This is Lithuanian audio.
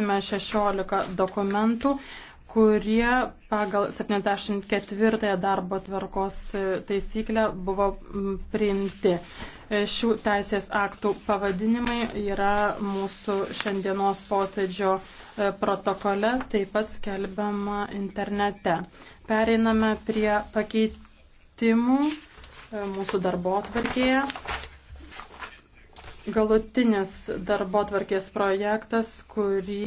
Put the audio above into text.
svarstysime 16 dokumentų, kurie pagal 74 darbo tvarkos taisyklę buvo priimti. Šių teisės aktų pavadinimai yra mūsų šiandienos posėdžio e, protokole, taip pat skelbiama internete. Pereiname prie pakeitimų e, mūsų darbo atvarkėje galutinis darbo tvarkės projektas kurį